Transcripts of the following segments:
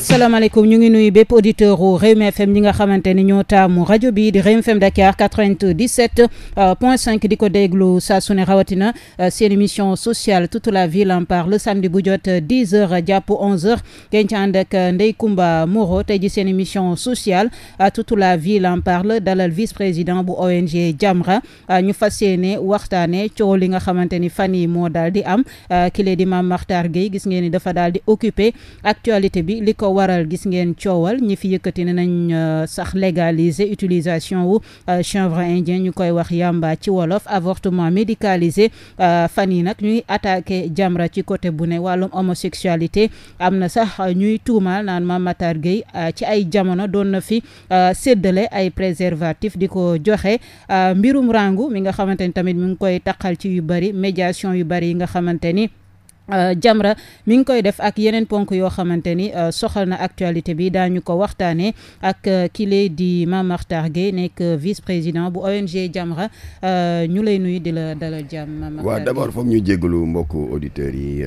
salaamaaleykum ñu ngi nuyu bépp auditeur u Rewmi FM ñi nga xamante ni ñoo taamu rajo bi di Rewmi FM Dakar 97 point 5 di ko déglu saa su ne rawatina euh, seen émission social toute la ville en parle samedi bu jot 10 euh, heures jàpp 11 heures ngeen ci ànd ak euh, Ndeye Comba Moreau tey ji seen mission sociale toute la ville en parle dalal vice président bu ONG Jamra ñu fas yéene waxtaane coow li nga xamante ni fan yi moo daal di am kile di Mame Makhtar gis ngeen ni dafa daal di occupé actualité bi ko waral gis ngeen coowal ñi fi yëkkati ne nañ euh, sax légaliser utilisation wu euh, chanvre indien ñu koy wax yamba ci wolof avortement médicalisé euh, fan yi nag ñuy attaqué Jamra ci côté bu ne wàllum homosexualité am na sax ñuy tuumaal naan Mame Matar Gueye ci ay jamono doon na fi séddale ay préservatif di ko joxe mbirum rangu mi nga xamante ni tamit mi ngi koy taqal ci yu bari médiation yu bari yi nga xamante Euh, Jamra mi ngi koy def ak yeneen ponk yoo xamante ni euh, soxal na actualité bi daañu ko waxtaanee ak euh, kile di Mame Mactar nekk vice président bu ONG Jamra ñu lay nuyu di la dalal jàmm. waaw d' foog ñu jégalu mbokku auditeurs yi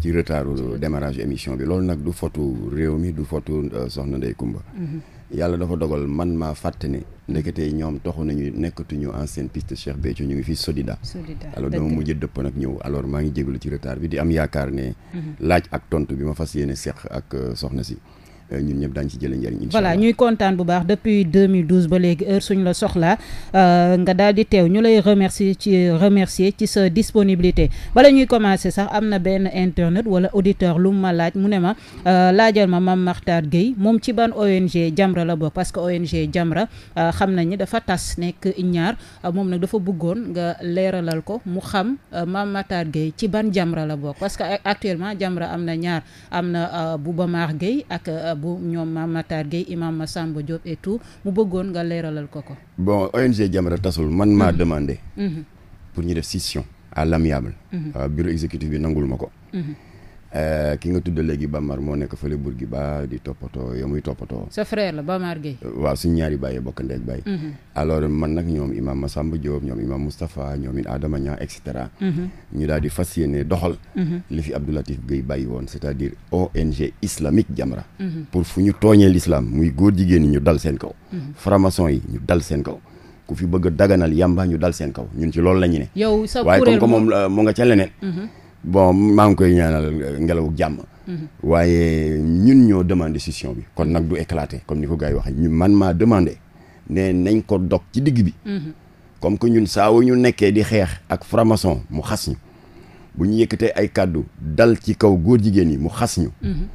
ci retardu démarage émission bi loolu nag du fotu réew mi du fotu soxna Ndeye Coumba. Mhm. yàlla dafa dogal man maa fàtte ne ndeketey ñoom toxu nañu nekkatuñu ancienne piste Cheikh Béthio ñu ngi fi Sodida alors dama mujj dëpp nag ñëw alors maa ngi jégalu ci retard bi di am yaakaar ne mhm. laaj ak tontu bi ma fas yéene seq ak euh, soxna si Euh, ñun ñëpp daañu ci jëlee njëriñ incha allah voilà ñuy kontaan bu baax depuis 2012 ba la euh, nga daal di teew ñu lay remercier ci remercier ci sa disponibilité bala ñuy commencer sax am na benn internet wala auditeur lu ma laaj mu ne ma euh, laajal ma Mame Makhtar Gueye moom ci ban ONG Jamra la bokk parce que ONG Jamra xam nañ ni dafa tas nekk ñaar moom nag dafa bëggoon nga leeralal ko mu xam Mame Makhtar Gueye ci ban Jamra la bokk parce que actuellement Jamra am na ñaar am na Bouba Mar Gueye ak bu ñoom Mame Matar Gueye imam Massamba Diop et tout mu bëggoon nga leeralal ko ko. bon ONG a tasul man maa mhm. demandé. Mhm. pour ñu def scission à l'amiable. Mhm. Euh, bureau exécutif bi nangul ma ko. Euh, ki nga tudd léegi Bamar moo nekk fële Bourguiba di toppatoo yow muy toppatoo. sa frère la Bamar Gueye. Euh, waaw suñ ñaari bàyyi bokk ndeeg bàyyi. Mhm. alors man nag ñoom imam Massamba Diop ñoom imam Moustapha ñoom it Adama Niang et cetera. Mhm. ñu daal di fas yéene doxal. Mhm. li fi Abdou Latif bàyyi woon c'est-à-dire ONG islamique Jamra. pour fu ñu tooñee l'islam muy góor jigéen ñu dal seen kaw. franc-maçon yi ñu dal seen kaw. ku fi bëgg daganal yamba ñu dal seen kaw ñun ci loolu la ñu yow sa kuréel waaye comme que nga ca leneen. bon maa ngi koy ñaanal ngelaw jàmm. Mhm. waaye ñun ñoo demande scission bi kon nag du éclaté comme ni ko gars yi waxee ñu man maa demandé ne nañ ko dog ci digg bi. Mhm. comme que ñun saa wu ñu nekkee di xeex ak franc mu xas ñu. bu ñu yëkkatee ay kàddu dal ci kaw góor jigéen yi mu xas ñu. Mhm.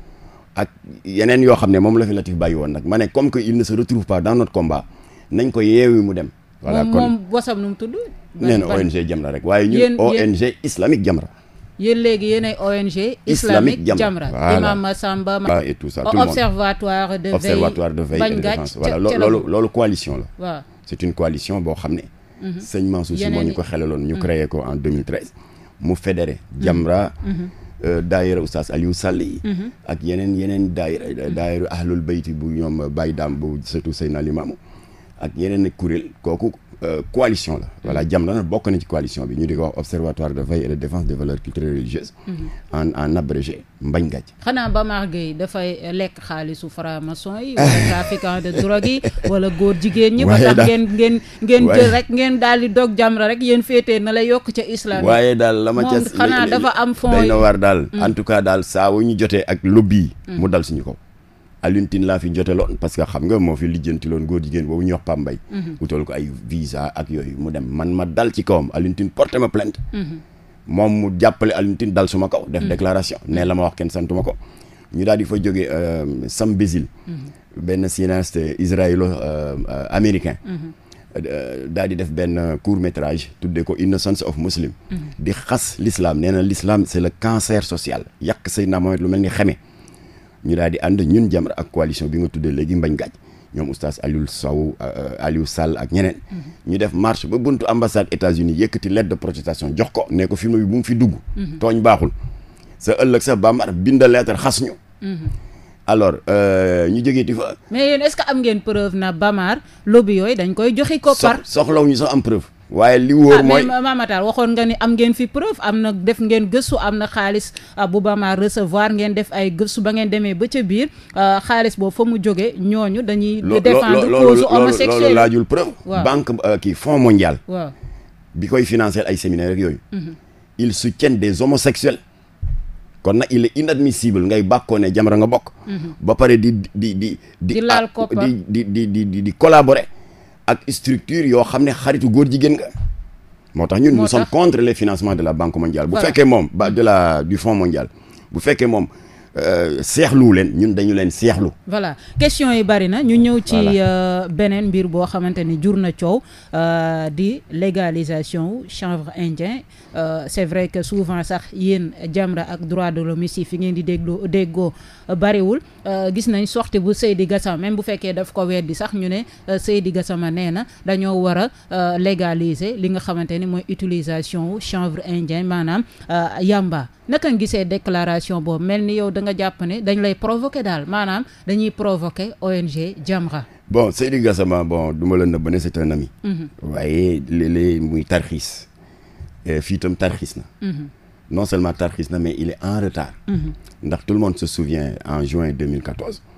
ak yeneen yoo xam ne moom la fi Latif bàyyi woon nag ma ne comme que il ne se retrouve pas dans notre combat nañ ko yeewi mu dem. voilà kon moom bosam nu mu tudd. nee na ONG Jamra rek waaye ñun ONG islamique yéen léegi yéenay ONG. islamique Jamra voilà imam Massamba. et tout ça tout le monde observatoire de veille bañ gàcc voilà loolu loolu coalition la. waaw c'est une coalition boo xam ne. Mhm. sëñ su Sy moo ñu ko xelaloon ñu mhm. créé ko en 2013. mu fédéré Jamra. Mhm. Euh, daayira Oustaz Aliou Sall yi ak yeneen yeneen daayira daayira ahlul bayti bu ñoom Baye Dame bu surtout Seydina Limamou ak yeneen kuréel kooku. Euh, coalition la voilà mm-hmm. Jamra bokk na ci coalition bi ñu di ko wax observatoire de veille et de défense des valeurs culturelles et religieuses mm-hmm. en en abrégé mbañ gàcc xanaa Bamar Gueye dafay lekk xaalisu franc-maçon yi wala trafiquant de drogue yi wala góor jigéen ñi ba tax ngeen ngeen ngeen jël rek ngeen daal di dog Jamra rek yéen féetee na la yokk ca islam waaye daal la ma ca xanaa dafa am fond yi day na war daal en mm. tout cas daal saa ñu jotee ak lobby mm. mu dal suñu kaw Alioune Tine laa fi joteloon parce que xam nga moo fi lijjantiloon góor jigéen boobu ñuy wax Pambay. Mhm. wutal ko ay visa ak yooyu mu dem man ma dal ci kawam Alioune Tine porté ma plainte. Mhm. moom mu jàppale Alioune Tine su ma kaw. def mhm. déclaration nee la ma wax kenn ma ko. ñu daal di fa jógee euh, Sam Bézil. benn cinéaste israélo euh, américain. Euh, daal di def benn court métrage tuddee ko Innocence of Muslim. di xas lislaam nee na l'islam c'est le cancer social yàq Seydina Mohamed lu mel ni xeme. ñu daal di ànd ñun Jamra ak coalition bi nga tuddee léegi Mbañ Gaaj ñoom oustaz Aliou Sow euh, Aliou Sall ak ñeneen. Mhm. ñu def marche ba buntu ambassade États-Unis yëkkati lettre de protestation jox ko ne ko film bi bu mu fi dugg. Mhm. tooñ baaxul sa ëllëg sa bàmbar binda lettre xas ñu. Mhm. alors euh, ñu jógee ti fa. mais yéen est-ce que am ngeen preuve na Bamar lobby yooyu dañ koy joxe. koppar soxlaw ñu sax am preuve. waaye li wóor ah, mooy ah waxoon nga ni am ngeen fi preuve am na def ngeen gëstu am na xaalis ah, bu Bama recevoir ngeen def ay gëstu ba ngeen demee ba ca biir ah, xaalis boo fa mu jógee ñooñu dañuy. défendre cause homosexuelle loolu laajul preuve. banque euh, kii fonds mondial. bi koy financer ay séminaire ak yooyu. Mhm. ils soutiennent des homosexuels. kon nag il est inadmissible ngay bàkkoo ne Jamra nga bokk. Mhm. ba pare di di di di. di laal koppar di di di di di collaborer. ak structure yoo xam ne xaritu góor jigéen nga moo tax ñu nous sommes contre les financements de la banque mondiale bu fekkee moom ba de la du fonds mondial bu fekkee moom Euh, seexlu leen ñun dañu leen seexlu. voilà question yi bari na ñu ñëw ci euh, beneen mbir boo xamante ni jur na coow euh, di légalisation chanvre indien c'est vrai que souvent sax yéen Jamra ak droit de l'homme si fi ngeen di dégloo déggoo bariwul gis nañ sortie bu Seydi Gassama même bu fekkee daf ko weddi sax ñu ne Seydi Gassama nee na dañoo war a légaliser li nga xamante ni mooy utilisation wu chanvre indien maanaam yamba. naka nga gisee déclaration boobu mel ni yow da nga jàpp ne dañ lay provoquer daal maanaam dañuy provoquer ONG Jamra. bon Seydi Gassama bon du ma la nëbb ne c'est un ami. Mhm. waaye léeg-léeg muy tarxiis eh, fii itam tarxiis na. Mhm. non seulement tarxiis na mais il est en retard. Mhm. ndax tout le monde se souvient en juin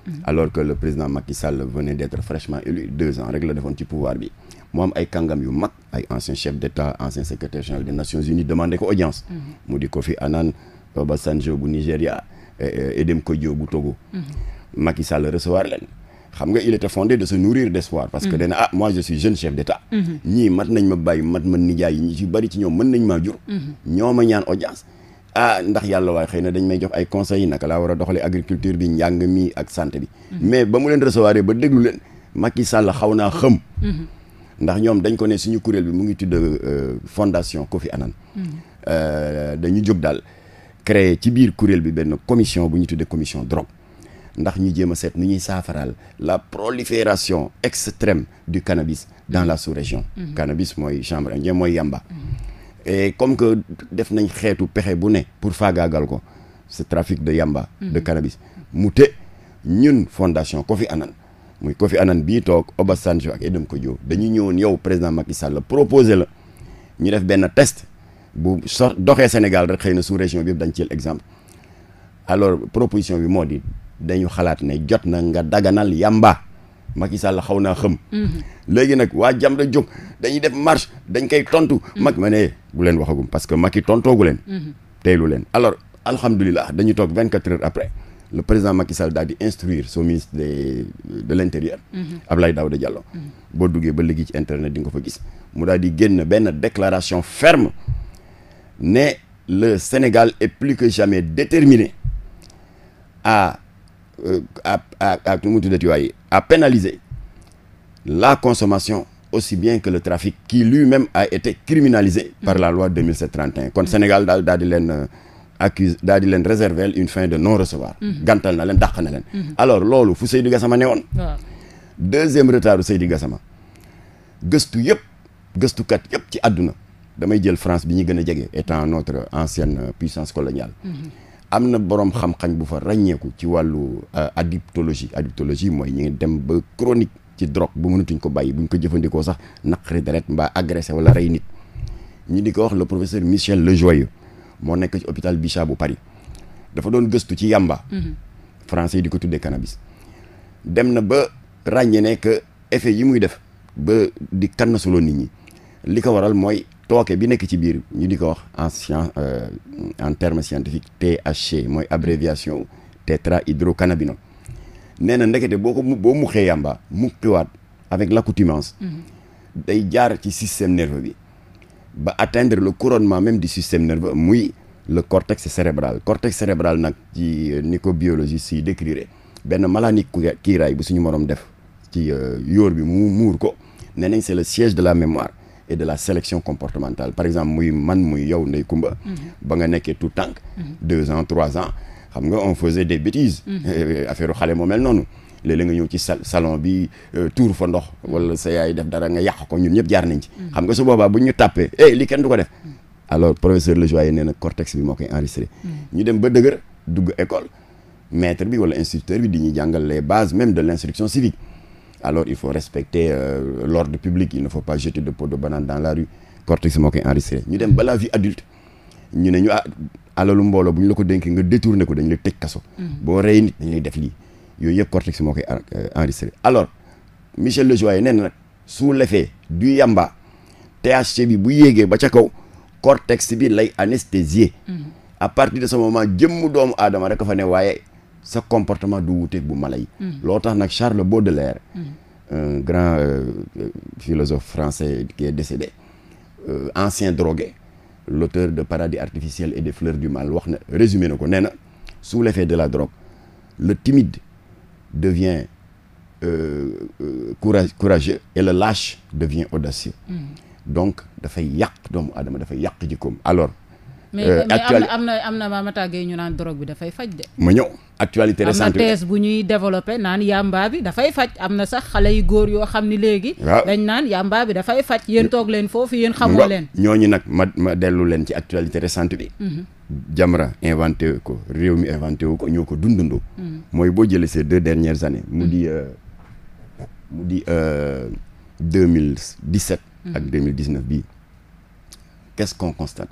Mm-hmm. alors que le président Macky Sall venait d'être fraîchement élu deux ans rek la defoon ci pouvoir bi mu am ay kàngam yu mag ay ancien chef d'État ancien secrétaire Nations Unies demandé ko audience mm-hmm. mu di Kofi Annan Obasanjo bu Nigéria e, e, Edem Kodjo bu Togo mm-hmm. Macky Sall recevoir leen xam nga il fondé de se nourrir d'espoir parce que dana ah moi je suis jeune chef d'État ñii mat nañ ma bàyyi mat ma nijaay yi ñi ci bari ci ñoom mën nañ maa jur ñoo ma ñaan audience ah ndax yàlla waaye xëy na dañ may jox ay conseils naka laa war a doxalee agriculture bi njàng mi ak sante bi. Mhm. mais ba mu leen recevoir ba déglu leen Macky Sall xaw naa xëm. Mhm. ndax ñoom dañ ko ne suñu kuréel bi mu ngi tudd euh, fondation Kofi Annan. Mhm. Euh, dañu jóg daal créer ci biir kuréel bi benn commission bu ñu tuddee commission drogue. ndax ñu jéem a seet nu ñuy saafaraal la prolifération extrême du cannabis dans la sous-région. cannabis mooy chambre indien mooy yamba. comme que def nañ xeetu pexe bu ne pour faagaagal ko ce trafic de yamba mm-hmm. de cannabis mu te ñun fondation Kofi Annan muy Kofi Annan bii toog Obasanjo ak ko Kodjo dañu ñëwoon yow président Macky Sall proposé la ñu def benn test bu so doxee Sénégal rek xëy na sous région bi yëpp dañ ci exemple alors proposition bi moo di dañu xalaat ne jot na nga daganal yamba Macky Sall xaw naa xëm. Mhm. léegi nag waa Jamra jóg dañuy def marche dañ koy tontu. Mhm. mag ma ne bu leen waxagum parce que Macky tontoogu leen. Mhm. teylu leen alors alhamdulilah dañu toog 24 heures après le président Macky Sall daal di instruire son ministre de de l' intérieur. Abdoulaye Daouda Diallo. boo duggee ba léegi ci internet di nga ko fa gis mu daal di génn benn déclaration ferme ne le Sénégal est plus que jamais déterminé à à mu tuddati waay pénaliser la consommation aussi bien que le trafic qui lui-même a été criminalisé par la loi 2731 kon Sénégal daal daal di leen euh, accuse daal di leen réserver une fin de non recevoir mhm. gantal na leen dàq na leen mhm. alors loolu fu Seydi Gassama ne woon deuxième retard u Seydi Gassama gëstu yëpp gëstukat yëpp ci adduna damay jël France bi ñu gën a jege étant notre ancienne puissance coloniale mhm. am na borom xam-xam bu fa ràññeeku ci wàllu euh, addictologie addictologie mooy ñu ngi dem ba chronique ci drogue bu mënatuñ ko bàyyi buñ ko jëfandikoo sax naqari deret mbaa agressé wala rey nit ñu di ko wax le professeur Michel Lejoyeux moo nekk ci hôpital Bichat bu Paris dafa doon gëstu ci yàmba mhm. français yi di ko tuddee cannabis dem na ba ràññee ne que yi muy def ba di kannasuloo nit ñi li ko waral mooy tooke bi nekk ci biir ñu di ko wax en science euh, en terme scientifique THC mooy abréviation tétrahydrocannabinol nee na ndekete boo ko boo muxee yàmba muqiwaat avec l'accoutumance mhm. day jaar ci système nerveux bi ba atteindre le couronnement même di système nerveux muy le cortex cérébral cortex cérébral nag ci euh, ni ko biologiste yi décrire benn malaani kiiraay bu suñu moroom def ci euh, yóor bi mu muur ko nee nañ c'est le siège de la mémoire et de la sélection comportemental par exemple muy man muy yow Ndeye Kumba ba nga nekkee tout tànk deux ans trois ans xam nga on faisait des bêtises euh, affaire xale moo mel noonu léeg nga ñëw ci salon bi euh, tuur fa ndox wala sa yaay def dara nga yàq ko ñun ñëpp jaar nañ ci xam nga su boobaa buñ ñu tàppee eh li kenn du ko def alors professeur Lejoyer nee na cortex bi moo koy enregistré ñu dem ba dëgër dugg école maître bi wala instructeur bi di ñuy jàngal les bases même de l'instruction civique alors il faut respecte euh, l'ordre public il ne faut pas jeter de peau de banane dans la rue cortex moo koy enregistré ñu dem ba la vie adulte ñu ne ñu ah alalu mbooloo bu ñu la ko dénkee nga détourné ko dañ lay tëj kaso mm. boo rey nit dañ lay def lii yooyu yëpp cortex moo koy euh, enregistré alors Michel Lejoyeux nee na nag sous l'effet du yamba THC bi bu yéegee ba ca kaw cortex bi lay anesthésier a mm. partir de ce moment jëmm doomu aadama rek fa ne waaye sa comportement du wuuteeg bu mala hmm. loo tax nag Charles de hmm. un grand euh, philosophe français qui est décédé euh, ancien drogué l'auteur de Paradis artificiel et des fleurs du mal wax na résumé na ko nee na sous l'effet de la drogue le timide devient euh, euh courage courageux et le lâche devient audacieux mm. donc dafay yàq doomu adama dafay yàq jikkoom alors actualité mais euh, am na am na Mamata Gueye ñu naan drogue bi dafay faj de. ma ñëw actualité récente am na ñuy développé naan yamba bi dafay faj am na yu góor yoo xam ni léegi. waaw dañ naan yamba bi dafay faj yéen toog leen foofu yéen xamoo leen. ñooñu nag ma ma dellu leen ci actualité récente bi. Mhm. Jamra inventé ko réew mi inventé wu ko ñoo ko dundandoo. Mhm. mooy boo jëlee ces deux dernières années. mu di mhm. euh, mu di euh, deux mille dix sept. ak deux mille dix neuf bii quest constate.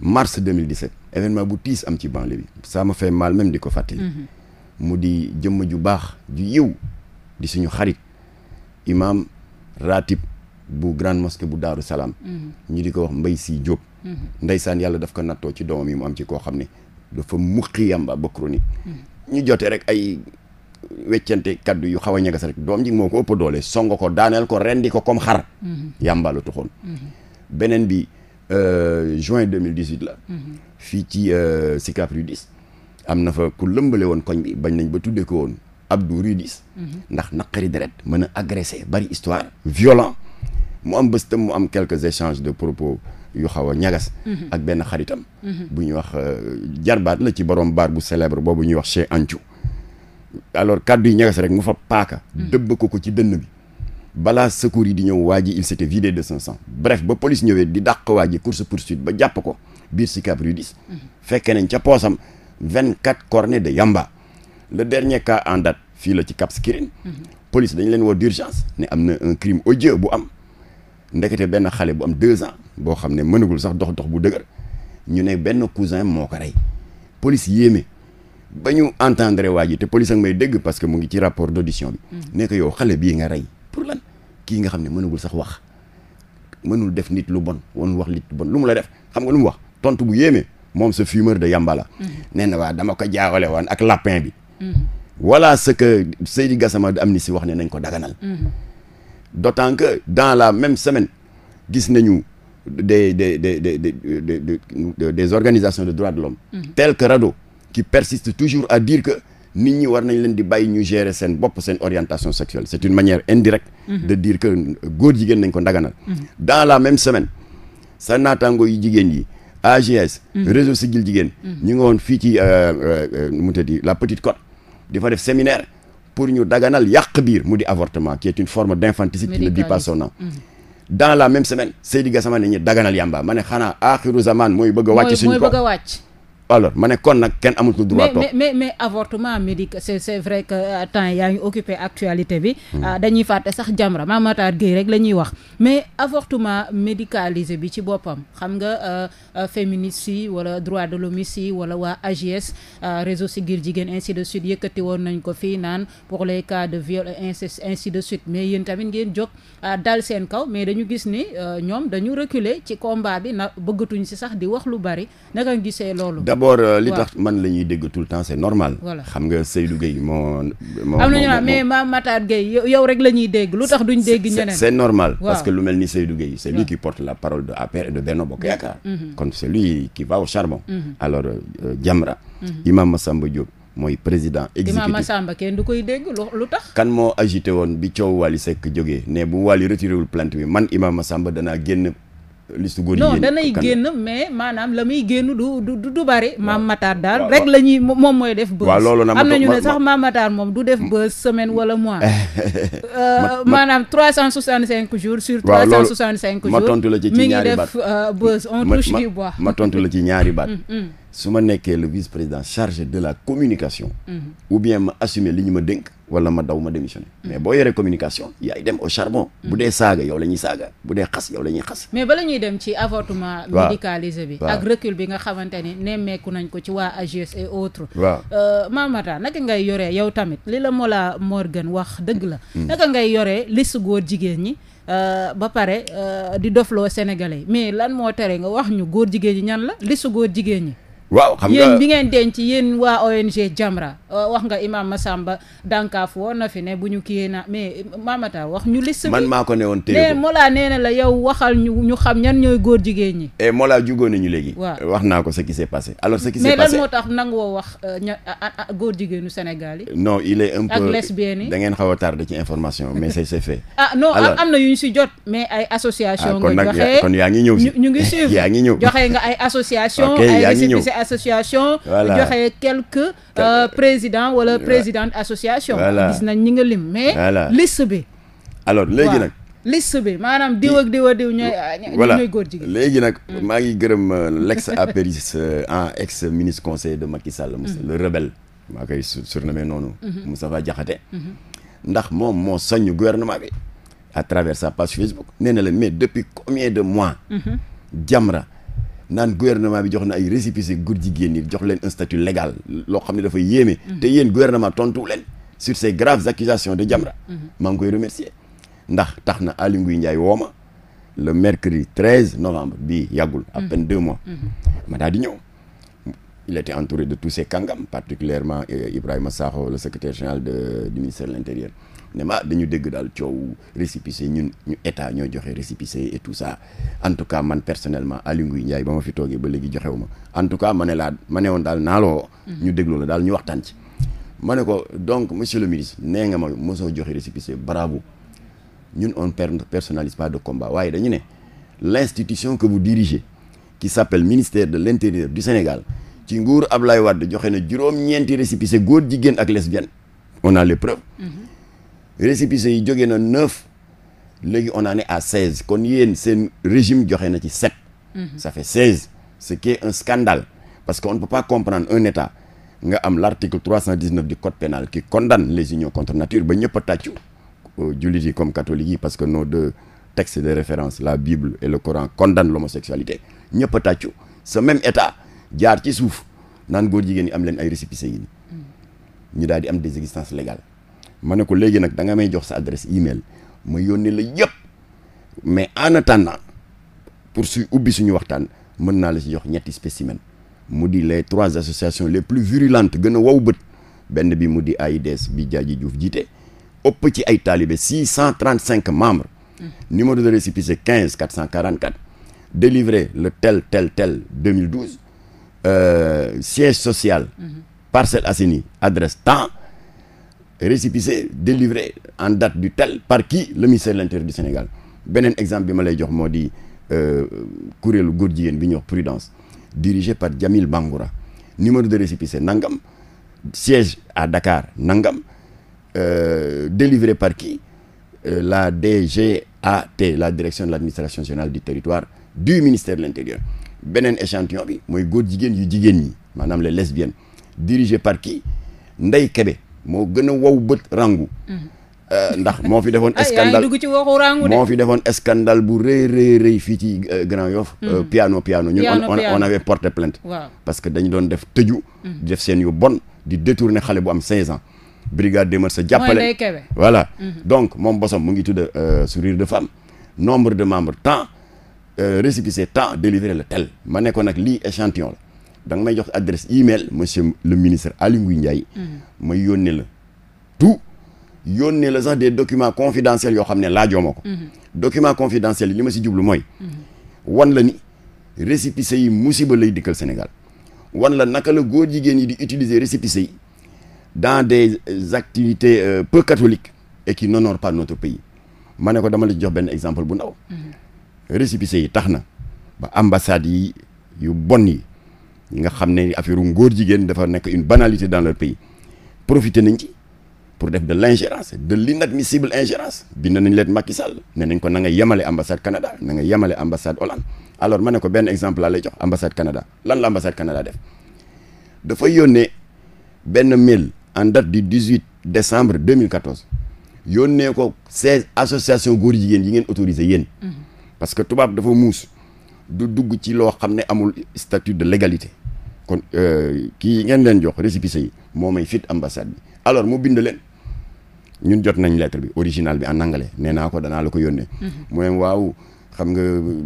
mars 2017 événement bu tiis am ci banlieue bi ça me fait mal même di ko fàttali. Mhm. mu di jëmm ju baax ju yiw di suñu xarit imam ratib bu grande mosquée bu daaru salaam mhm. ñu di ko wax mbay si Diop. Mhm. ndeysaan yàlla daf ko nattoo ci doomam yi mu am ci koo xam ne dafa muqi yamba ba chronique ñu jote rek ay weccante kaddu yu xaw a ñagas rek doom ji moo ko ëpp doole songo ko daaneel ko rendi ko comme xar yàmba la tuxoon beneen bi Euh, juin 2018 la. Mhm. fii ci euh, Sicap Rue 10. am na fa ku lëmbale woon koñ bi bañ nañ ba tuddee ko woon Abdou Rue mhm. ndax naqari deret mën a agressé bari histoire violent mu am bés tam mu am quelques échanges de propos yu xaw a ñagas. Mhm. ak benn xaritam. bu ñuy wax euh, jarbaat la ci borom baar bu célèbre boobu ñuy wax chez Ancu alors kàddu yi ñagas rek mu fa paaka. dëbb ko ko ci dënn bi. balaa secours yi di ñëw waa ji il s'était vidé de son sang bref ba police ñëwee di dàq waa ji course poursuite ba jàpp ko biir Sicap Rue 10 fekkee nañ ca poosam vingt quatre cornets de yamba le dernier cas en date fii la ci Cap Skirring police dañ leen woo d'urgence ne am na un crime odieux bu am ndekete benn xale bu am deux boo xam ne mënagul sax dox dox bu dëgër ñu ne benn cousin moo ko rey police yéeme ba ñu entendre waa ji te police ak may dégg parce que mu ngi ci rapport d'audition bi mm. ne ko kii nga xam ne mënagul sax wax mënul def nit lu bon won wax nit lu bon lu mu la def xam nga lu mu wax tontu bu yéeme moom sa fumeur de yamba la. Mm-hmm. nee na waa dama ko jaawale woon ak lapin bi. Mm-hmm. voilà ce que Seydi Gassama de Amnesty wax ne nañ ko daganal. Mm-hmm. d'autant que dans la même semaine gis nañu des des des des organisations de droits de l'homme telles que RADDHO qui persiste toujours a dire que. nit ñi war nañ leen di bàyyi ñu gérer seen bopp seen orientation sexuelle c'est une manière indirecte mhm. de dire que góor jigéen nañ ko ndaganal mhm. dans la même semaine sa naataango yu jigéen yi AGS mhm. réseau Siggil Jigéen ñu ngi woon fii ci euh, euh, nu mu tudd la Petite Côte di fa def séminaire pour ñu daganal yàq biir mu di avortement qui est une forme d'infanticide qui ne dit pas son nom dans la même semaine Seydi Gassama ne ñu daganal yamba ma ne xanaa aaxiru zaman mooy bëgg a wàcc ko alors ma ne kon nag kenn amatul droit toog mais mais mais avortement médical c' est c' est vrai que euh, temps yaa ngi occupé actualité bi. Hmm. Ah, dañuy fàtte sax Jamra Mame Matar Gueye rek la ñuy wax mais avortement médicalisé bi ci boppam xam nga euh, euh, féministes yi wala droit de l'homme yi wala waa AGS réseau Siggil Jigéen ainsi de suite yëkkati woon nañ ko fii naan pour les cas de viol inci de suite mais yéen tamit ngeen jóg dal seen kaw mais dañu gis ni ñoom dañu reculer ci combat bi na bëggatuñ si sax di wax lu bari naka gisee d'abord euh, li tax man la ñuy dégg tout le temps c'est normal. xam nga Seydou Gueye moo. moo am nañu mais Mame Matar Gueye yow rek la ñuy dégg lu tax duñ dégg ñeneen. c'est normal parce que lu mel ni Seydou Gueye c'est lui qui porte la parole de APR Bokk Yaakaar. Mm-hmm. Mm-hmm. kon c'est lui qui va au mm-hmm. alors euh, Jamra. Imam Massamba Diop. mooy président exécutif Imam Samba kenn du koy dégg lu tax. kan moo agité woon bi coow Wally Seck jógee ne bu Wally retiré wul plainte bi man Imam Samba danaa génn liste góor non danay génn mais maanaam la muy génn du du du bari maam Matar daal rek la ñuy moom mooy def bës waaw loolu nag am nañu ne sax maam Matar moom du def bës semaine wala mois euh, maanaam trois cent soixante cinq jours sur trois cent cinq jours ma tontu la ci mi ngi euh, ma tontu la ci ñaari baat mm, mm. su ma nekkee le vice président chargé de la communication mm-hmm. ou bien ma assumer li ñu ma dénk wala ma daw ma démissionné mm. mais boo yoree communication yaay dem au charbon mm. bu dee saaga yow la ñuy saaga bu dee xas yow la ñuy xas mais ba ñuy dem ci avortement médicalisé bi ak recul bi nga xamante ni nemmeeku nañ ko ci waa AGS et autres waaw euh, Mamata naka ngay yoree yow tamit li la Mollah Morgun wax dëgg la mm. naka ngay yoree liste góor jigéen ñi Uh, ba pare uh, di dofloo sénégalais mais lan moo tere nga wax ñu góor jigéen ñi ñan la listu góor jigéen ñi waaw xam nga yéen bi ngeen denc yéen waa ONG Jamra euh, wax nga Imam Massamba dànkaaf woon na fi ne bu ñu kiyee naa mais euh, Mamata wax ñu liste man maa ko ne woon téye ko Mollah nee na la yow waxal ñu ñu xam ñan ñooy góor jigéen ñi et eh, Mollah jugóo nañu léegi waaw wax naa ko ce qui s'est passé alors ce qui s'est passé mais lan moo tax nangoo wax euh, ña góor jigéenu Sénégal yi non il est un peu ak lesbiennes yi da ngeen xaw a tardé ci information mais c'est c'est fait ah non am na yu ñu si jot mais ay association ah, nga joxe kon yaa ngi ñëw si ñu ngi suivre yaa ngi ñëw joxe nga ay association ay association joxe euh, quelque président wala présidente association gis nañ ñi nga lim mais liste bi alors léegi nag liste bi maanaam diw ak diw ak diw ñooy. Ah, voilà ñooy góor jigéen léegi nag hmm. maa ngi gërëm euh, l'ex apéris euh, en ex ministre conseiller de Macky sal hmm. le rebelle maa koy surnommé noonu. Hmm. Moustapha Diakhaté. ndax moom moo soññ gouvernement bi. à travers sa page Facebook nee na la mais depuis combien de mois. Jamra naan gouvernement bi jox na ay récépissé góor jigéen ñi jox leen un statut légal loo xam ne dafa yéeme. Mhm. te yéen gouvernement tontu leen sur ces graves accusations de jam mhm. maa ngi koy remercier ndax tax na Aly Ngouille Ndiaye woo ma le mercredi 13 novembre bi yàggul à mhm. peine deux mois ma daal di ñëw il était entouré de tous kangam kàngam particulièrement euh, Ibrahima Sakho le secrétaire général de du ministère de l'intérieur ne ma dañu dégg daal coow récépissé ñun ñu état ñoo joxe récépissé et tout en tout cas man personnellement Aliou Ngouye Ndiaye ba ma fi toogee ba léegi joxewu ma en tout cas ma ne laa ma ne woon daal naaloo mm-hmm. ñu déglu la daal ñu waxtaan ci ma ne ko donc monsieur le ministre nee nga ma mosoo joxe récépissé bravo ñun on ne personnalise pas de combat waaye dañu ne l'institution que vous dirigez qui s'appelle ministère de l'intérieur du Sénégal ci nguur Ablaye Wade joxe na juróom-ñeenti récépissé góor jigéen ak lesbienne on a les preuves mm-hmm. yi jóge na neuf léegi on en est à seize kon yéen seen régime joxe na ci sept mm-hmm. ça fait seize ce qui un scandale parce que on ne peut pas comprendre un état nga am l'article 319 du code pénal qui condamne les unions contre nature ba ñëpp a tàccu euh, comme catholique yi parce que no deux textes de référence la Bible et le Coran condamnent l'homosexualité ñëpp a tàccu ce état jaar ci suuf naan góor jigéen ñi am leen ay récépissé yi ñu daal di am des existences légales ma ne ko léegi nag danga nga may jox sa adresse email ma yónnee la yëpp mais en attendant pour su ubbi suñu waxtaan mën naa la si jox ñetti spécimen mu di les trois associations les plus virulentes gën a wow bët benn bi mu di ay des bi Diadji Diouf jiite ëpp ci ay taalibe six cent trente cinq membres numéro de récépissé quinze quatre cent quarante quatre délivré le tel tel tel 2012 euh, siège social. Mmh. Parcelles Assainies adresse tant récépissé délivré en date du tel par qui le ministère de l'intérieur du Sénégal beneen exemple bi ma lay jox moo di euh, kuréelu góor jigéen bi ñuy wax prudence dirigé par Jamil Bangoura numéro de récépissé nangam siège à Dakar nangam euh, délivré par qui euh, la DGAT la direction de l'administration générale du territoire du ministère de l'intérieur beneen échantillon bi mooy góor jigéen yu jigéen ñi maanaam les lesbiennes dirigé par kii Ndey Kebe moo gën a wow bët rangu euh, ndax moo fi defoon scandale dugg ci waxu rangu defoon scandale bu rëy rëy fii ci euh, Grand Yoff hmm. euh, piano piano ñun on on avait porté parce que dañu doon def tëju hmm. di def seen yu bon di détourner xale bu am seize ans brigade des mœurs sa jàppale voilà hmm. donc moom bosom mu ngi tudd sourire de femme nombre de membres tant Euh, récépissé temps délivrer la tel ma ne nag lii échantillon la danga may jox adresse e-mail monsieur le ministre Aly Ngouille Ndiaye mm. ma yónnee la tout yónnee la sax des documents confidentiels yoo xam ne laajoo ma ko mm-hmm. document confidentiel yi li ma si jublu mooy mm-hmm. wan la ni récépissé yi musiba lay dikkal Sénégal wan la naka la góor jigéen yi di utiliser récépissé yi dans des activités euh, peu catholiques et pas notre pays ma ne ko dama la jox benn exemple bu ndaw mm-hmm. récépissé yi tax na ba ambassades yi yu bon yi ñi nga xam ne affaire ngóor jigéen dafa nekk une banalité dans leur pays profité nañ ci pour def de l'ingérence de l'inadmissible ingérence bind nañ leen Macky Sall ne nañ ko na nga yemale ambassade Canada na nga yemale ambassade Hollande alors ma ne ko benn exemple laa lay jox ambassade Canada lan la ambassade Canada def dafa yónnee benn mail en date du 18 décembre 2014 yónnee ko 16 associations góor jigéen yi ngeen autorisé yéen. Mhm. parce que tubaab dafa muus du dugg ci loo xam ne amul statut de légalité kon euh, kii ngeen leen jox récépissé yi moo may fit ambassade bi alors mu bind leen ñun jot nañ lettre bi original bi en anglais nee naa ko danaa la ko yónnee. Mhm. mu ne waaw xam nga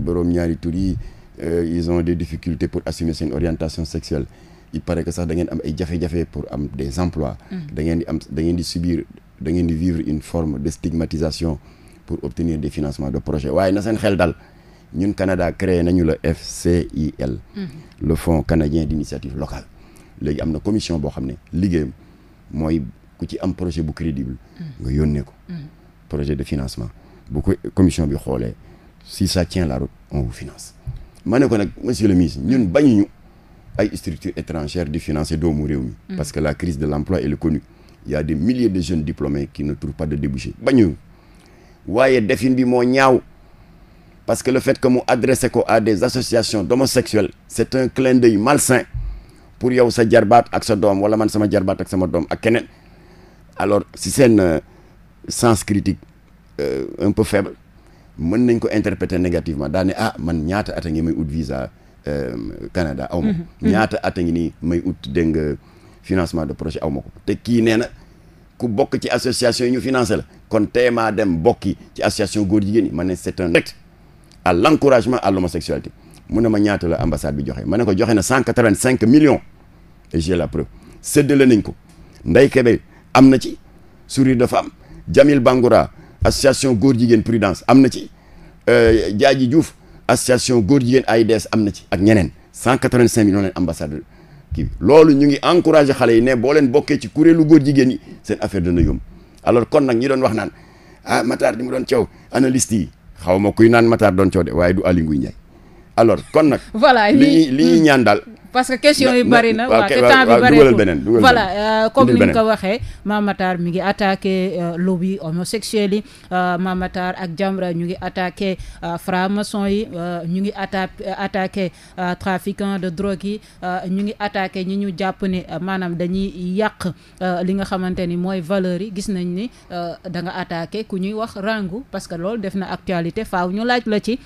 boroom ñaari tur yi euh, ils ont des difficultés pour assumer seen orientation sexuelle il paraît que sax dangeen ngeen am ay jafe-jafe pour am des emplois mhm. da di am da ngeen di subir da ngeen di vivre une forme de stigmatisation. pour obtenir des financements de projets waaye na seen xel dal ñun Canada créé nañu le FCIL mm-hmm. le Fonds canadien d'initiative locale léegi am na commission boo xam ne liggéeyam mooy ku ci am projet bu crédible mm-hmm. nga yónnee ko mm-hmm. projet de financement bu ko commission bi xoolee si ça tient la route on vous finance ma ne ko nag monsieur le ministre ñun bañuñu ay structures étrangères di financer doomu réew mi parce que la crise de l'emploi elle est connue il a de jeunes de waaye defin bi moo ñaaw parce que le fait que mu adressé ko à des associations d'homosexuels c'est un clin d'œil malsain pour yow sa jarbaat ak sa doom wala man sama jarbaat ak sama doom ak keneen alors si seen euh, sens critique euh, un peu faible mën nañ ko interpréter négativement daane ah man ñaata at a ngi may ut visa euh, Canada aw ma mm-hmm. ñaata at a ngi nii may ut dégg nga financement de projet aw ma ko te kii nee na ku bokk ci association yi ñu financé la kon teemaa dem bokki ci association góor jigéen yi ma ne c'est un a à l'encouragement à l'homosexualité mu ne ma ñaata la ambassade bi joxe ma ne ko joxe na cent quatre-vingt-cinq millions et j'ai la preuve séddale nañ ko Ndey Kébé am na ci sourire de femme Jamil Bangoura association góor jigéen prudence am na ci Jaaji euh, Diouf association góor jigéen dees am na ci ak ñeneen cent quatre-vingt-cinq millions leen ambassade ki loolu ñu ngi encourage xale yi ne boo leen bokkee ci kuréelu góor jigéen yi seen affaire dana yomb alors kon nag ñi doon wax naan ah Matar di mu doon coow analyste yi xaw ma kuy naan Matar doon coow de waaye du Aly Ngouille Ndiaye alors kon nag. voilà li ñaan daal. parce que question yi bari na waaw te temps bi bari beneen voilà euh, comme ni nga ko waxee Mamatar mi ngi attaqué euh, lobby homosexuel yi euh, Mamatar ak Jamra ñu ngi attaqué franc-maçon yi ñu ngi ata attaqué trafiquant de drogue yi ñu ngi attaqué ñi ñu jàpp ne maanaam dañuy yàq li nga xamante ni mooy valeurs yi gis nañ ni da nga attaqué ku ñuy wax Rangou parce que loolu def na actualité faaw ñu laaj la ci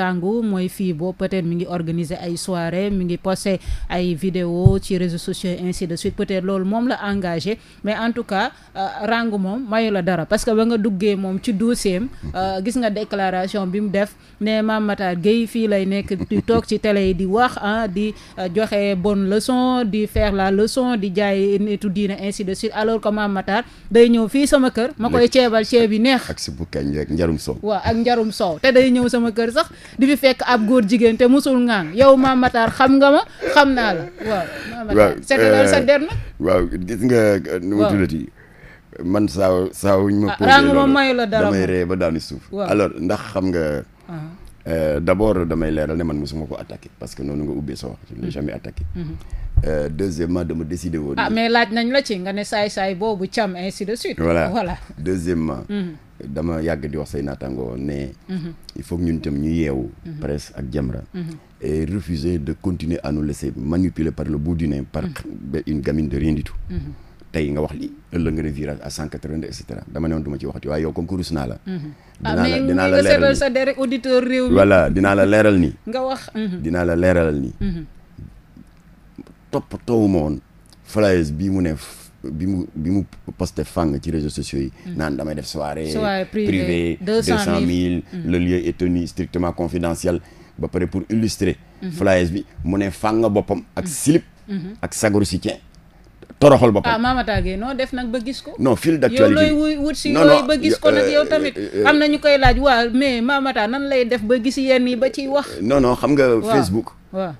Rangou mooy fii boo peut-être mi ngi organiser ay soirée mi ngi di poster ay vidéo ci réseaux sociaux ainsi de suite peut-être loolu moom la engagé mais en tout cas euh, rang moom mayu la dara parce que ba nga duggee moom ci dossier am euh, gis nga déclaration bi mu def ne Mame Matar Gueye fii lay nekk di toog ci télé yi di wax ah di euh, joxe bonne leçon di faire la leçon di jaay nitu diine ainsi de suite alors que Mame Matar day ñëw fii sama kër ma koy ceebal ceeb yi neex ak si bu kañ njarum soow waaw ak njarum soow te day ñëw sama kër sax fekk ab góor jigéen te musul nga xam naa la nga eh, eh, nu ma tuddati man saa saa wuñ ma. Ah, posé damay ree ba daanu suuf. alors ndax xam nga. Ah. Eh, d'abord damay leeral ne man mosuma ko attaqué parce que noonu nga ubbee soo je ne l'ai mm-hmm. jamais attaqué. Mm-hmm. deuxièmement dama décidé woon. ah mais laaj nañ la ci nga ne saay saay boobu cam ainsi de suite. voilà deuxièmement. Mm-hmm. dama yàgg di wax say naataangoo ne. Mhm. il faut que ñun itam ñu yeewu. Mhm. presse ak Jamra. Mhm. et refuser de continuer à nous laisser manipuler par le bout du nez. par une gamine de rien du tout. tey nga wax lii ëllëg nga ne virage cent quatre-vingts et dama ne woon du ma ci waaye yow comme kurus naa la. dinaa ah, la dinaa la leeral la leeral nii. nga wax. dinaa la leeralal nii. toppatoo wu woon flyers bii mu ne. bi mu bi mu posté fang ci réseaux sociaux yi. Mm. naan damay def soirée. soirée privée deux cent mille mm. le lieu strictement confidentiel ba pour illustrer. Mm-hmm. flyers bi mu ne fang boppam ak mm. slip. Mm-hmm. ak sagoru soutien toroxal boppam. ah Mama Tagé non def nag ba gis ko. no fil d'actualité yow looy wut si yooyu ba gis ko nag euh, yow tamit euh, euh, am na ñu koy laaj waa mais Mama Tagé nan lay def ba gis yenn yi ba ciy wax. non non xam nga. Facebook. waaw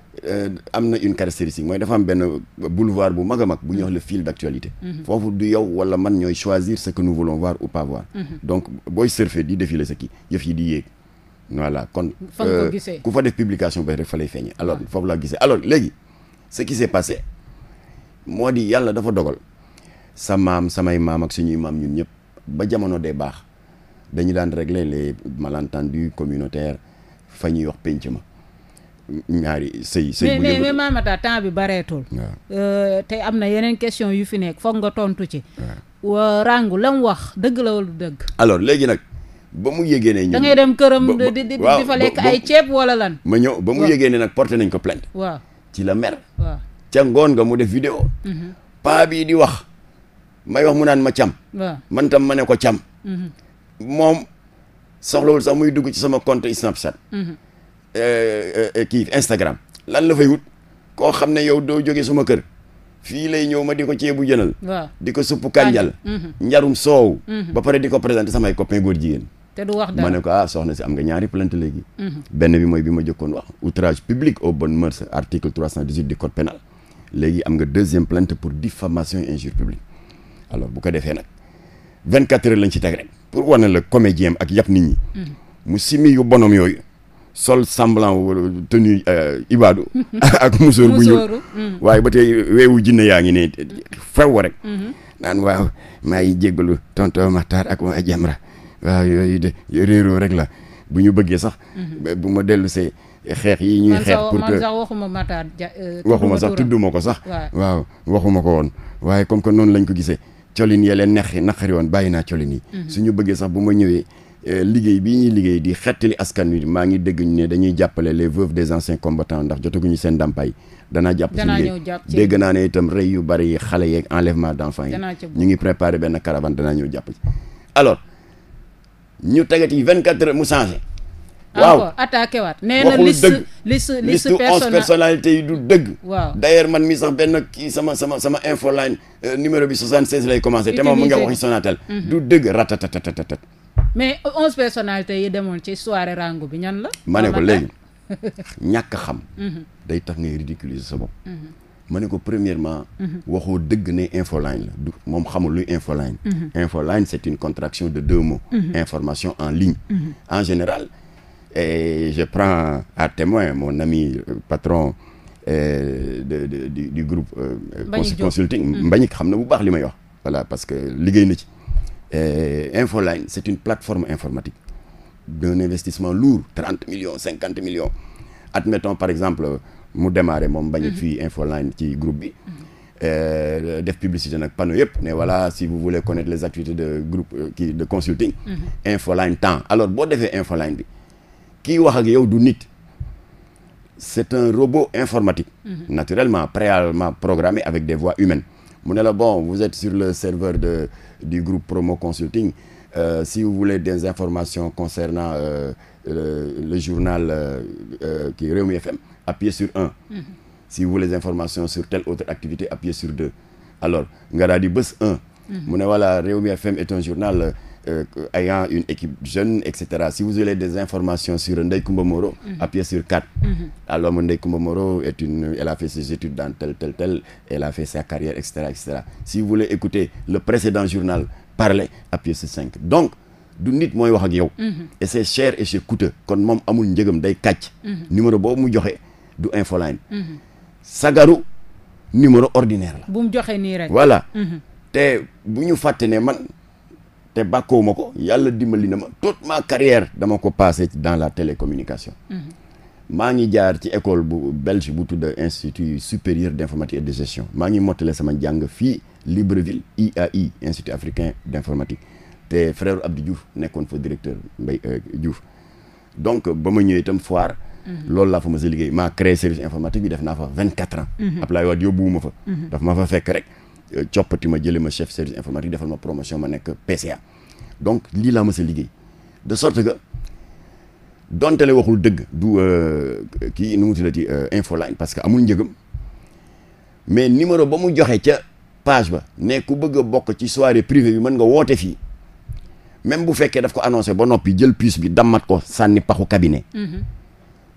am na une caractéristique mooy dafa am benn boulevard bu mag a mag bu ñuy wax le fil d'actualité. Mhm. foofu du yow wala man ñooy choisir ce que nous voulons voir ou pas mhm. donc booy surfer di défiler sa kii yëf yi di yéeg. voilà kon. ku fa def publication ba rek fa lay feeñee. alors foofu laa gisee alors léegi moo di yàlla dafa dogal sa maam samay maam ak suñuy maam ñun ñëpp ba jamono dee baax dañu daan régler les malentendus communautaires fa ñuy wax pénc ma ñaari sëy sëy mais mais Mamata temps bi bareetul euh, te am na yeneen question yu fi nekk foog nga tontu ci Rangou la mu wax dëgg la wala dëgg alors léegi nag ba mu yégee ne da ngay dem këram di di fa lekk ay ceeb wala lan ma ñëw ba mu yégee ne nag porte nañ ko plainte waaw ci la mer ca ngoon nga mu def vidéo mhm. paa bii di wax may wax mu naan ma cam man tam ma ne ko cam mhm. moom soxlawul sax muy dugg ci sama compte Snapchat mhm. eh, eh, eh, kii Instagram lan la fay wut koo xam ne yow doo jóge suma kër fii lay ñëw ma di ko ceebu jënal di ko suppu kànjal njarum soow ba pare di ko présenté samay copain góor jigéen te du wax dara ma ne ko ah soxna si am nga ñaari plainte léegi benn bi mooy bi ma jëkkoon wax outrage public aux bonnes mœurs article 318 code pénal léegi am nga deuxième plainte pour diffamation et injure publique alors bu ko defee nag 24 heures lañ ci teg rek pour wane la comédien ak yàpp nit ñi. Mm-hmm. mu simi yu bonom yooyu. sol semblant wala euh, tenue euh, ibaadu. Mm-hmm. ak musóor bu ñuul mm. waaye ba tey weewu jinne yaa ngi ne few rek. Mm-hmm. naan waaw maa ngi jéggalu tonton Matar ak waa Jamra waaw yooyu de réeroo rek la bu ñu bëggee sax. bu ma dellu see. xeex yi ñuy xeex pour que man sax waxuma Matar euh, waxuma sax tudduma ko sax ko woon waaye comme que noonu lañ ko gisee colin yee leen neex naqari woon bàyyi naa colin yi mhm. suñu bëggee sax bu ma ñëwee euh, liggéey bii ñuy liggéey di xettali askan wi maa ngi dégg ñu ne dañuy jàppale les veuves des anciens combattants ndax jotaguñu seen ndàmpaay danaa jàpp si liggéey dégg naa ne itam rëy yu bari yi xale yeeg enlèvement d'enfants yi ñu ngi préparé benn caravane danaa ñëw jàpp ci alors ñu tegati vingt-quatre heures mu changé Ah, waaw encore attaqué waat nee na liste yi du dëgg waaw d'ailleurs man mi sax benn kii sama sama sama info line euh, numéro bi 76 lay commencé te moom mu mhm. dëgg ratatatatatat mais onze personnalités ci soirée rango bi ñan la ma ne ko léegi ñàkk xam mhm. day tax ngay ridiculiser sa bopp mhm. ma ne ko premièrement waxoo dëgg ne infoline la moom xamul luy infoline infoline c'est une contraction de deux mots information en ligne en général je prends à témoin mon ami euh, patron euh, de, de, du, du, groupe euh, euh Consulting, mm. Mbagnick xam na bu baax li may wax. Voilà parce que liggéey na ci. Infoline c'est une plateforme informatique d'un investissement lourd 30 millions 50 millions. Admettons par exemple mu démarré moom Mbagnick mm-hmm. fii Infoline ci groupe bi. Mm-hmm. def publicité nag panneau yëpp ne voilà si vous voulez connaître les activités de groupe kii de consulting. Mm-hmm. Infoline temps alors boo defee Infoline bi. kii wax ak yow du nit c'est un robot informatique mhm. naturellement préalablement programmé avec des voix humaines mu ne la bon vous êtes sur le serveur de du groupe Promo Consulting euh, si vous voulez des informations concernant euh, le, journal euh, euh qui Rewmi FM appuyez sur un mm -hmm. si voulez informations sur telle autre activité appuyez sur deux alors nga di bës un mhm. mu ne voilà Rewmi FM est un journal euh, ayant une équipe jeune et cetera si vous avez des informations sur Ndeye Kumba Moro. Mm -hmm. sur 4. Mm -hmm. alors Kumba Moro est une elle a fait ses études dans tel tel tel a fait sa carrière et si vous écouter le précédent journal parler appuyez sur 5 donc. du nit mooy wax ak yow. Mhm. et c'est cher et c'est coûteux. kon moom amul njëgam day kàcc. Mhm. numéro boobu mu joxe du infoline. Mhm. sagaru numéro ordinaire la. bu mu joxe nii rek. voilà. te bu ñu fàtte ne man te bàkkoowuma ko yàlla dimbali na ma toute ma carrière dama ko passé dans la télécommunication mm-hmm. maa ngi jaar ci école bu belge bu tudd institut supérieur d'informatique et de gestion maa ngi mottale sama jàng fii Libreville IAI institut africain d'informatique te frère Abdou Diouf nekkoon fa directeur Mbaye euh, Diouf donc ba ma ñëwee itam foire mm-hmm. loolu laa fa ma sa liggéey maa créé service informatique bi def naa fa vingt quatre ans mm-hmm. Abdoulaye Wade yóbbuwuma fa daf ma fa fekk rek Euh, coppati ma jëlee ma chef service informatique defal ma promotion ma nekk PCA donc lii laa mës a liggéey de sorte que donte la waxul dëgg du euh, kii nu mu tuddati euh, infoline parce que amul njëgam mais numéro ba mu joxee ca page ba ne ku bëgg a bokk ci soirée privée bi mën nga woote fii même bu fekkee daf ko annoncé ba noppi jël puce bi dammat ko sànni paxu cabinet mhm.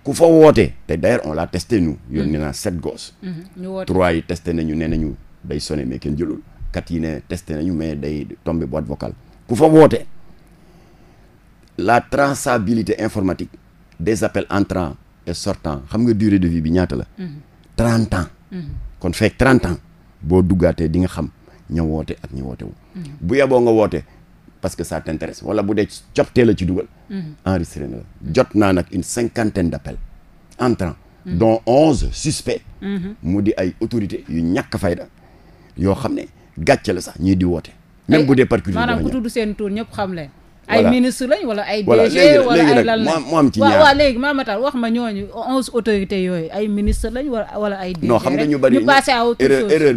ku fa woote te d'ailleurs on l'a testé nous yónni naa sept gosses mhm. trois yi testé nañu nee nañu day sonné mais kenn jëlul kat yi ne testé nañu mais day tombé boîte vocale ku fa woote la traçabilité informatique des appels entrants et sortants xam nga durée de ñaata la. 30 mm-hmm. ans. Mm-hmm. kon fekk 30 boo duggaatee di nga xam ña woote ak ña woote wu. Mm-hmm. bu yeboo nga woote parce que ça t'intéresse wala bu dee copptee la ci dugal. enregistré na la jot naa nag une cinquantaine d'appels entrants. dont onze suspects. mu di ay autorités yu ñakk fayda yoo xam ne gàcce la sax ñii di woote. même bu dee particulier maanaam ku tudd seen tur ñëpp xam leen. ay ministre lañ wala ay DG wala ay lan ma ñooñu onze autorités yooyu ay ministre lañ wala wala ay DG non xam nga ñu bari ñu passé à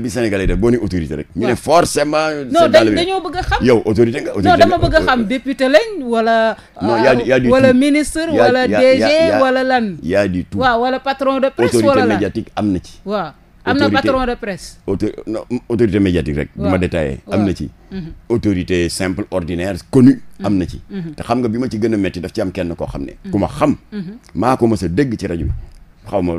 bi sénégalais def boo ne autorité rek ñu ne forcément non dañoo bëgg a xam yow autorité nga non dama bëgg a xam député lañ wala non y a y a du wala ministre wala DG wala lan y a du tout waaw wala patron de presse médiatique am na ci waaw am na patron de presse. autorité non autorité médiatique rek. waaw du ma détaillé am na ci. Mhm. autorité simple ordinaire connue am na ci. Mhm. Mhm. te xam nga bi ma ci gën a métti daf ci am kenn koo xam ne. ku ma xam. maa ko mës a dégg ci rajo bi. xaw ma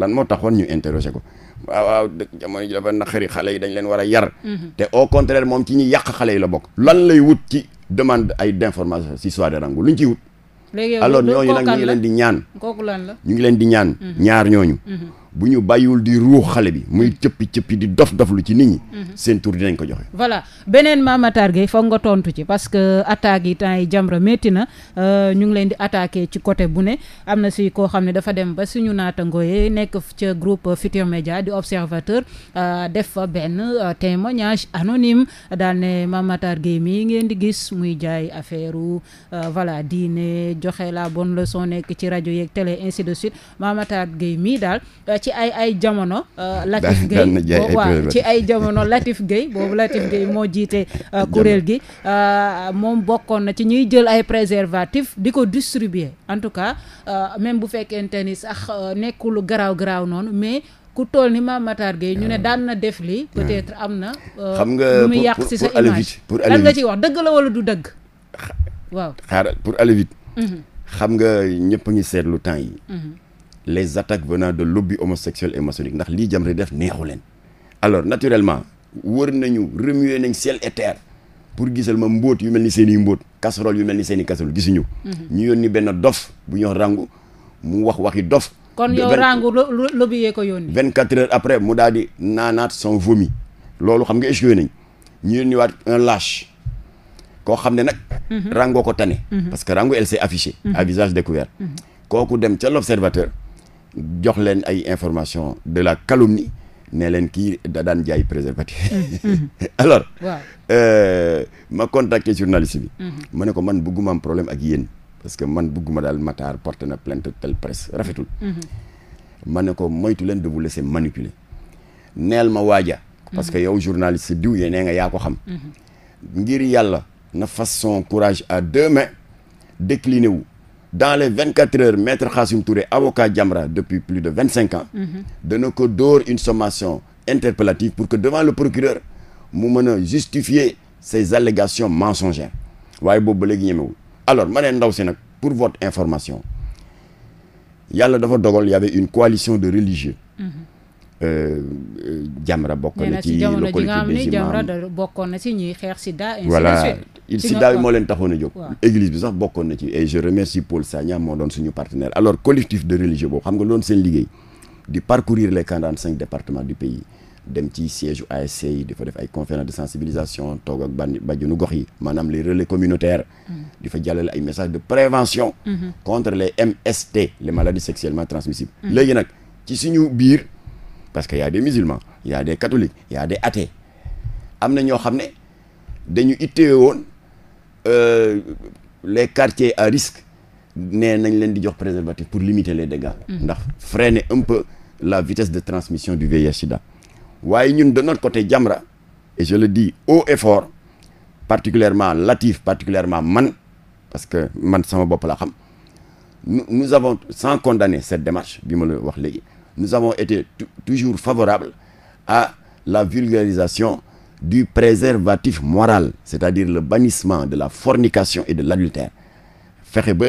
lan moo tax taxoon ñu interroger ko waaw waaw dëgg jamono ji dafa naqari xale yi dañ leen war a yar. te au moom ci ñi yàq xale yi la bokk. lan lay wut ci demande ay d'information si soirée rango luñ ciy wut. alors ñooñu nag ñu ngi leen di ñaan. kooku la ñu ngi leen di ñaan. ñaar ñooñu. bu ñu bàyyiwul di ruux xale bi muy cëppi cëppi di dof doflu ci nit ñi. Mhm. seen tur dinañ ko joxe. voilà beneen mamataar Matar Gueye nga tontu ci parce que attaque yi temps yi Jamra métti na euh, ñu ngi leen di attaque ci côté bu ne am na si koo xam ne dafa dem ba suñu naataangoo yi nekk ca groupe Futurs média di observateur euh, def fa benn euh, témoignage anonyme daal ne Mame Matar Gueye mii ngeen di gis muy jaay affaire voilà diine joxe la bonne leçon nekk ci rajo yeeg télé ainsi ci ay ay jamono. Euh, Latif Gueye ci ay jamono Latif Gueye boobu Latif Gueye moo jiite euh, kuréel gi euh, moom bokkoon na ci ñuy jël ay préservatif di ko distribuer en tout cas même bu fekkente ni sax nekkul garaaw garaaw noonu mais. ku tool ni Mame Matar Gueye ñu ne ah. daan na def lii ah. peut-être am na xam nga mu yàq si sa image pour lan ciy wax dëgg la wala du dëgg waaw xaaral pour aller vite mhm. xam nga ñëpp a ngi seetlu temps yi mhm. les attaques venant de lobby homosexuel et maçonnique ndax lii Jamra def neexu leen alors naturellement wër nañu remuer nañ ciel et terre pour gisal ma mboot yu mel ni seen i mbóot casserole yu mel ni seen i casserole gisuñu mhm. ñu yónni benn dof bu ñuy ràngu mu wax waxi dof kon yow ràngu lobby yee ko yónni vingt quatre heures après mu daal di naanaat son vomi loolu xam nga échoué nañ ñu yónni waat un lâche koo xam ne nag mhm. ràngoo ko tane mhm. parce que ràngu elle s'est affichée à visage découvert jox leen ay information de la calomnie ne leen kii da daan jaay préservatif mm, mm. alors wow. euh, ma contacté journaliste bi mm-hmm. ma ne ko man bëgguma problème ak yéen parce que man bëgguma daal Matar porté na plainte telle presse rafetul mm-hmm. ma ne ko moytu leen de vous laisser neel ma waaja parce que mm-hmm. yow journaliste diw yee nee nga yaa ko xam ngir yàlla na façon courage à deux mains wu dans les vingt quatre heures maître Khassim Touré avocat Jamra depuis plus de vingt cinq ans. Mhm. dana ko dóor une sommation interpellative pour que devant le procureur mu mën a justifier ces allégations mensongères waaye boobu ba léegi ñemewul alors ma ne ndaw si nag pour votre information yàlla dafa dogal y une coalition de religieux. Mhm. Euh, euh, Jamra bokk na ci le collectif des bokkoon na ci ñuy xeex sida voilà sida bi moo leen taxoon a jóg église bi sax bokkoon na ci et je remercie Paul Sagna moo doon suñu partenaire alors collectif de religieux boobu xam nga loolu seen liggéey di parcourir les quarante cinq départements du pays dem ci siège ASC yi di fa def ay conférence de sensibilisation toog ak ban bàjjenu gox yi maanaam les relais communautaires mm. di fa jàllale ay messages de prévention mm-hmm. contre les MST les maladies sexuellement transmissibles mm. léegi nag ci suñu biir parce que y a des musulmans y a des catholiques y am na ñoo xam ne dañu ittee woon euh, les quartiers à risque nee nañ leen di jox préservatif pour limiter les dégâts mm. ndax mmh. freiner un peu la vitesse de transmission du VIH/SIDA waaye ñun de notre côté Jamra et je le di haut et fort particulièrement Latif particulièrement man parce que man sama bopp laa xam nous avons sans condamner cette démarche bi ma la wax léegi nous avons été toujours favorable à la vulgarisation du préservatif moral c'est-à-dire le bannissement de la fornication et de l'adultère fexe ba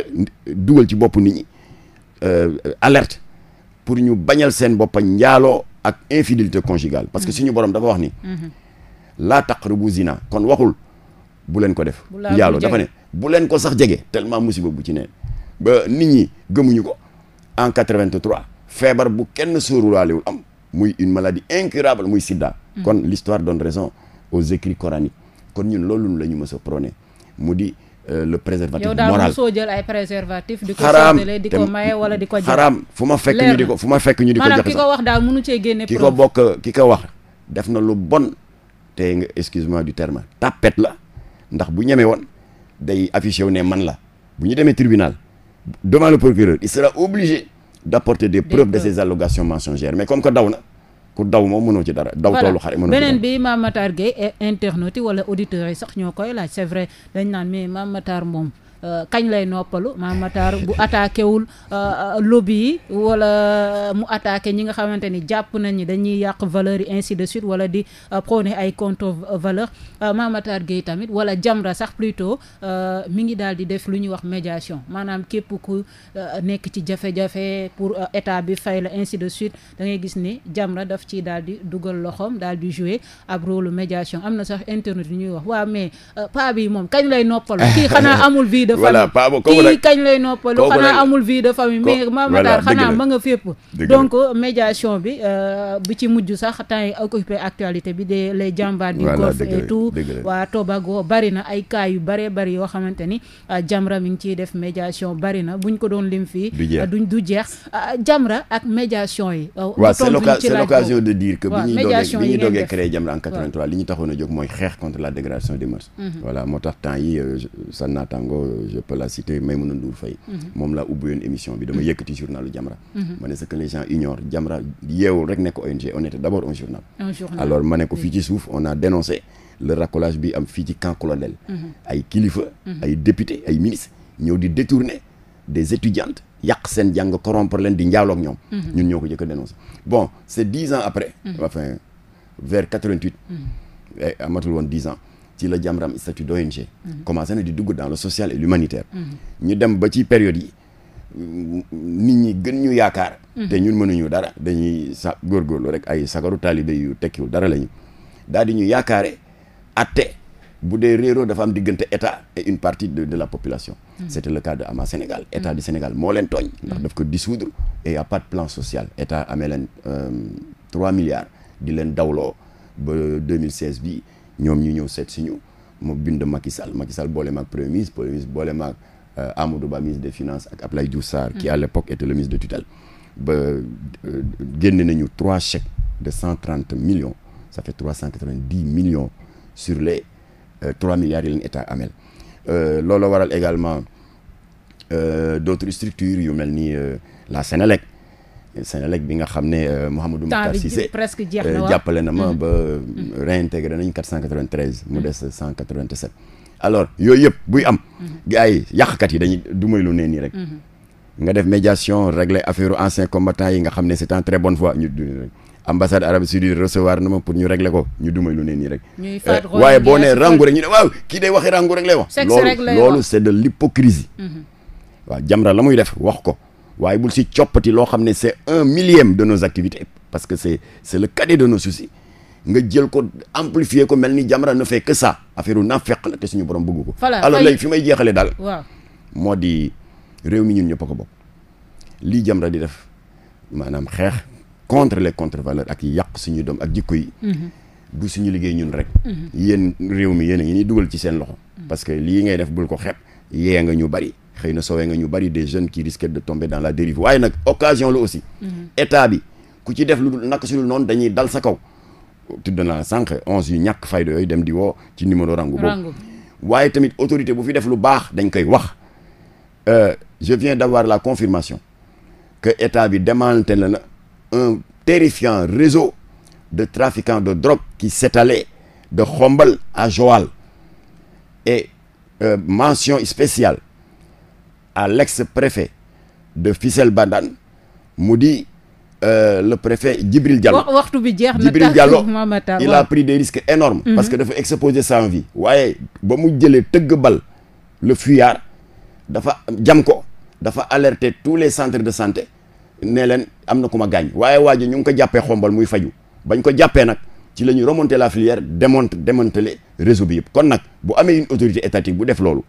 dugal ci bopp nit ñi euh, alerte pour ñu bañal seen boppa njaaloo ak infidélité conjugale parce que mm-hmm. suñu borom dafa wax ni mm-hmm. laa taqrabu zina kon waxul bu leen ko def njaaloo dafa ne bu leen ko sax jege tellement musiba bu ci ne ba nit ñi gëmuñu ko en 83 feebar bu kenn sóorulaalewul am muy une maladie incurable muy sida mm. kon l'histoire donne raison aux écrits coraniques kon ñun loolu la ñu mës a prôné mu di euh, le préservatif moral soo jël ay préservatif di ko séddale di ko maye wala di ko xaraam fu ma fekk ñu di ko fu ma fekk ñu di ko joxe ki ko wax daal mënu cee génne ki ko bokk ki wax def na lu bon te nga excuse-moi du terme tapette la ndax bu ñeme woon day affiché wu ne man la bu ñu demee tribinal devant le procureur il sera obligé d'apporter des preuves de ces allégations mensongères mais comme que daw na ku daw moom mënoo ci dara daw toolu xare mënoo beneen bi Mame Matar Gueye internaute yi wala auditeurs yi sax ñoo koy laaj c'est vrai dañ naan mais Mame Matar moom Euh, kañ lay noppalu Mame Matar bu attaqué wul euh, euh, lobby yi wala mu attaqué ñi nga xamante ni jàpp nañ ni dañuy yàq valeur yi ainsi de suite wala di prôné ay contre valeur Mame Matar Gueye tamit wala Jamra sax plutôt mi ngi daal di def lu ñuy wax médiation maanaam képp ku nekk ci jafe-jafe pour état bi fay la ainsi de suite da ngay gis ni Jamra daf ci daal di dugal loxoom daal di jouer ab rôle médiation am na sax internet yu ñuy wax waaw mais paa bi moom kañ lay noppalu de famille kii kañ lay noppalu xanaa amul vie de famille mais Mame Matar xanaa ma nga fépp donc euh, médiation bi euh, bi ci mujj sax temps yi occupé actualité bi de les jàmbaar du Golf et tout waa Tobago bari na ay cas yu baree bari yoo xamante ni euh, Jamra mi ngi ciy def médiation bari na buñ ko doon lim fii duñ du jeex Jamra ak médiation yi waaw c'est l'occasion de dire que bi ñuy doogee bi ñuy doogee créé Jamra en li ñu taxoon a jóg mooy xeex contre la dégradation des mœurs mhm. moo tax je peux la citer Maïmouna Ndour Faye mhm. moom laa ubbiwoon émission bi dama mhm. yëkkati journalu Jamra mhm. ma ne ce que les gens Jamra yeewul rek nekk ONG on était d'abord un journal alors ma ne ko fii ci suuf on a dénoncé le racolage bi am fii ci camp colonel ay kilifa ay député ay ministre ñëw di détourner des étudiantes yàq seen jàng corrompre leen di njaaloog ñoom ñun ñoo ko jëkk a bon c'est dix ans après vers quatre-vingt-huit eh, amatul woon dix ci la Jamram statut d'ONG mhm. commencé na di dugg dans le social et l'humanitaire mhm. ñu dem ba ci période yi nit ñi gën ñu yaakaar mhm. te ñun mënuñu dara dañuy sa góorgóorlu rek ay sagaru taalibe yu tekkiwul dara lañu daal di ñu yaakaare atte bu dee réeroo dafa am diggante état et une partie de de la population mmh. c'était le cas de AMA Sénégal état du Sénégal moo leen tooñ ndax daf ko dissoudre et y a de plan social état amee leen euh, trois milliards di leen dawloo ba ñoom ñu ñëw seet si ñu mu bind Macky Sall Macky Sall boole maag premier ministre premier ministre boole maag euh, Amadou Ba ministre des finances ak Abdoulaye Diouf Sarr. qui mm. à l'époque était le ministre de tutelle. ba euh, génne nañu trois chèques de cent trente millions ça fait trois cent dix millions sur les euh, trois milliards yi leen état amel loolu waral également d'autres structures yu mel ni la Sénélec. Senelec bi nga xam ne euh, Mouhamadou Makhtar Cissé presque jeex euh, na jàppale na ma mm. ba mm. réintégré nañ 493 mu mm. des 187 alors yooyu yëpp buy am gars yi yàqkat yi dañuy du lu ne nii rek mm-hmm. nga def médiation régler affaire anciens combattants yi nga xam ne c'est en très bonne foi ñu ambassade arabe saoudite recevoir na ma pour ñu régler ko ñu dumay lu ne nii rek euh, waaye boo ne rangu rek ñu ne waaw kii day waxi rangu rek lay wax loolu loolu c'est de l'hypocrisie mm-hmm. waaw Jamra la muy def wax ko waaye bul si coppati loo xam ne c'est un millième de nos activités parce que c'est c'est le cadet de nos soucis nga jël ko amplifier ko mel ni Jamra na fait sa ça affaire u naa fekk la te suñu borom bugg ko alors léegi fi may jeexalee daal waaw moo di réew mi ñun ñëpp a ko bokk lii Jamra di def maanaam xeex contre les contre-valeurs ak yàq suñu doom ak jikko yi mhm. du suñu liggéey ñun rek mhm. yéen réew mi yéen a ngi ni dugal ci seen loxo mhm. parce que lii ngay def bul ko xeeb yee nga ñu bari xay na soowee nga ñu bari des jeune qui risquent de tomber dans la dérive waaye nag occasion la aussi. Mhm. état bi ku ci def lu nak su dul noonu dañuy dal sa kaw. tudd naa sànq onze yu ñàkk fayda yooyu dem di woo ci numéro rangu boobu waaye tamit autorité bu fi def lu baax dañ koy wax. Euh, je viens d'avoir la confirmation que état bi démantèle na un terrifiant réseau de trafiquants de drogue qui s'étalait de xombal à Joal et euh, mention spéciale à l'ex-préfet de Fissel Bandane mu di euh, le préfet Djibril Diallo waxtu bi jeex na Djibril Diallo il a pris des risque énormes mhm. parce que dafa exposer sa vie waaye ba mu jëlee tëgg bal le fuyard dafa jam ko dafa alerte tous les centres de santé ne leen am na ku ma gaañ waaye waa ji ngi ko jàppee xombal muy faju bañ ko jàppee nag ci la ñu remonter la filière demonte démanteler réseau bi yëpp kon nag bu amee une autorité étatique bu def loolu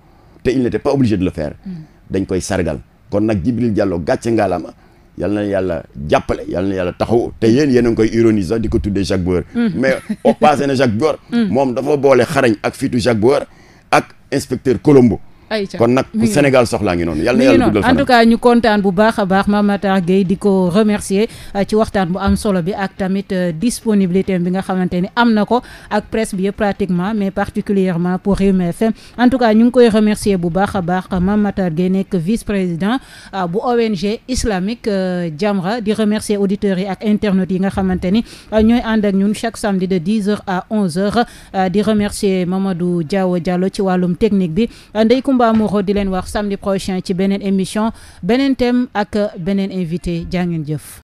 te il n'était pas obligé de le faire mhm. dañ koy sargal kon nag Djibril Diallo gàcce ngaalama yal na yàlla jàppale yal yàlla taxaw te yéen yéen a ngi koy ironiser di ko tuddee Jacques Boer mm. mais au passé na Jacques Boer mm. moom dafa boole xarañ ak fitu Jacques Boer ak inspecteur Colombo kon nag ku Sénégal soxlaa ngi noonu yàlla na yàlla guddal en ñu kontaan bu baax a baax Mame Matar Gueye di ko remercier euh, ci waxtaan bu am solo bi ak tamit euh, disponibilité bi nga xamante ni am na ko ak presse bi yëpp pratiquement mais particulièrement pour Rewmi FM en tout cas ñu ngi koy remercier bu baax a baax Mame Matar Gueye nekk vice-président euh, bu ONG islamique Jamra di remercier auditeurs yi ak internautes yi nga xamante ni ñooy ànd ak ñun chaque samedi de 10h à 11h di remercier Mamadou Diaw Diallo ci wàllum technique bi Samba Moreau di leen wax samedi prochain ci beneen émission beneen tem ak beneen invité jaa ngeen jëf